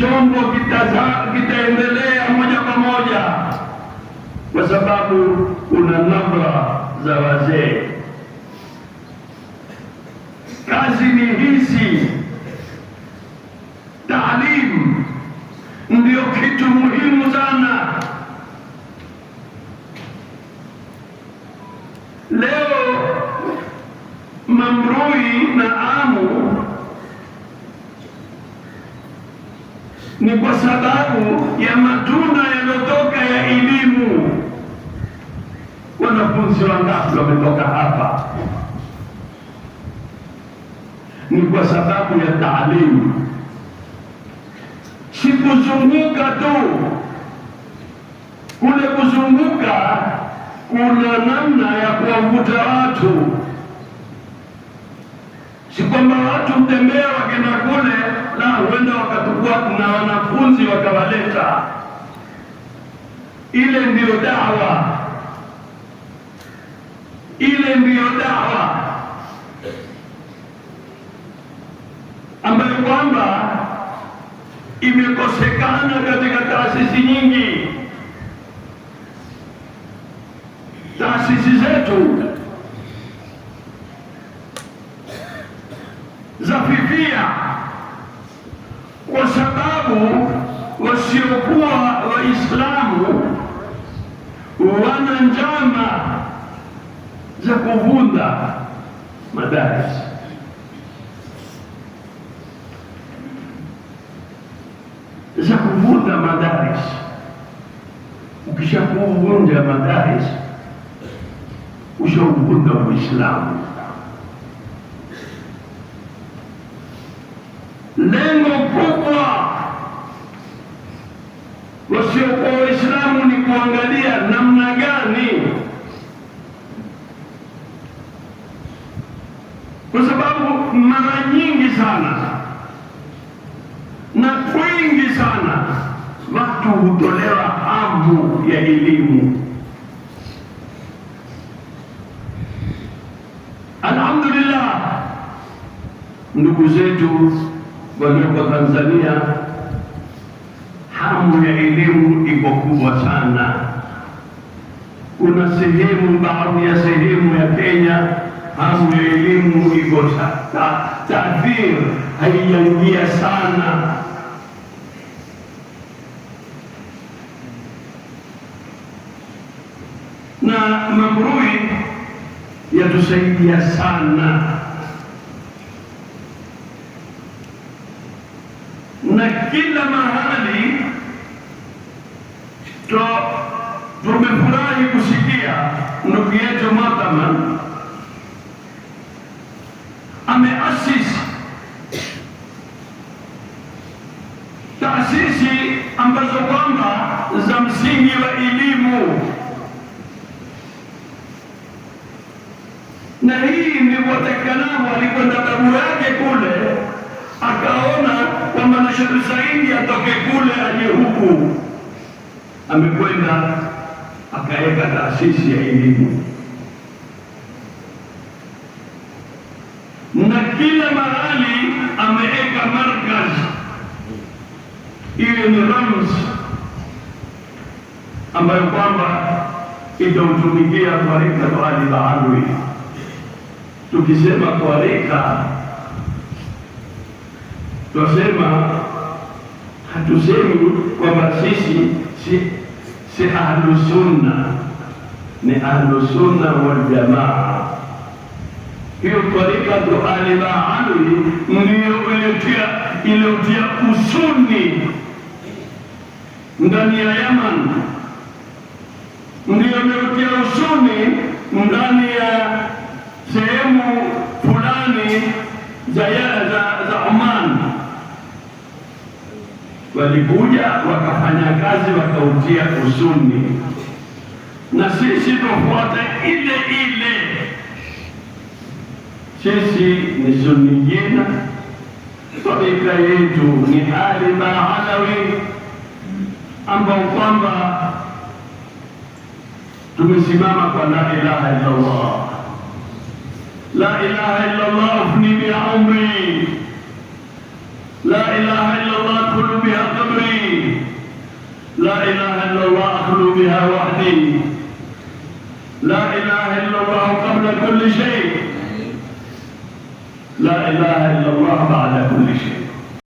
chombo kitaendelea moja kwa moja, kwa sababu kuna nabla za wazee. Kazi ni hizi, taalimu ndio kitu muhimu sana. Leo Mamrui na Amu ni kwa sababu ya matunda yaliyotoka ya elimu. Wanafunzi wangapi wametoka hapa? Ni kwa sababu ya taalimu, si kuzunguka tu. Kule kuzunguka kuna namna ya kuwavuta watu, si kwamba watu mtembea wakenda kule kutoka. Ile ndiyo dawa, ile ndiyo dawa ambayo kwamba imekosekana katika taasisi nyingi. Taasisi zetu za fifia kwa sababu wasiokuwa Waislamu wana njama za kuvunda madaris za kuvunda madaris. Ukisha kuvunja madaris, ushauvunda Uislamu. Tishio kwa Waislamu ni kuangalia namna gani, kwa sababu mara nyingi sana na kwingi sana watu hutolewa hamu ya elimu. Alhamdulillah, ndugu zetu walioko Tanzania hamu ya elimu iko kubwa sana. Kuna sehemu, baadhi ya sehemu ya Kenya hamu ya elimu iko tadhir, haijaingia sana na mamrui yatusaidia sana na kila mahali to tumefurahi kusikia ndugu yetu Mathaman ameasisi taasisi ambazo kwamba za msingi wa elimu, na hii nilivyotakikanamu alikwenda babu yake kule, akaona kwamba nashatu zaidi atoke kule aje huku amekwenda akaweka taasisi ya elimu, na kila mahali ameweka markaz ile ni rams ambayo kwamba itautumikia kwarika tawali baadwi. Tukisema kwarika twasema hatusemi kwamba sisi si si ahlu sunna, ni ahlu sunna wal jamaa. Hiyo tarikatu Ali Maali ndiyo iliyotia usuni ndani ya Yaman, ndiyo iliyotia usuni ndani ya sehemu fulani za za walikuja wakafanya kazi wakautia usuni, na sisi tufuate ile ile. Sisi ni suni jina, tarika yetu ni Ali Maalawi ambao kwamba tumesimama kwa la ilaha illallah, la ilaha illallah ni biumri لا إله إلا الله أدخل بها قبري لا إله إلا الله أخلو بها وحدي لا إله إلا الله قبل كل شيء لا إله إلا الله بعد كل شيء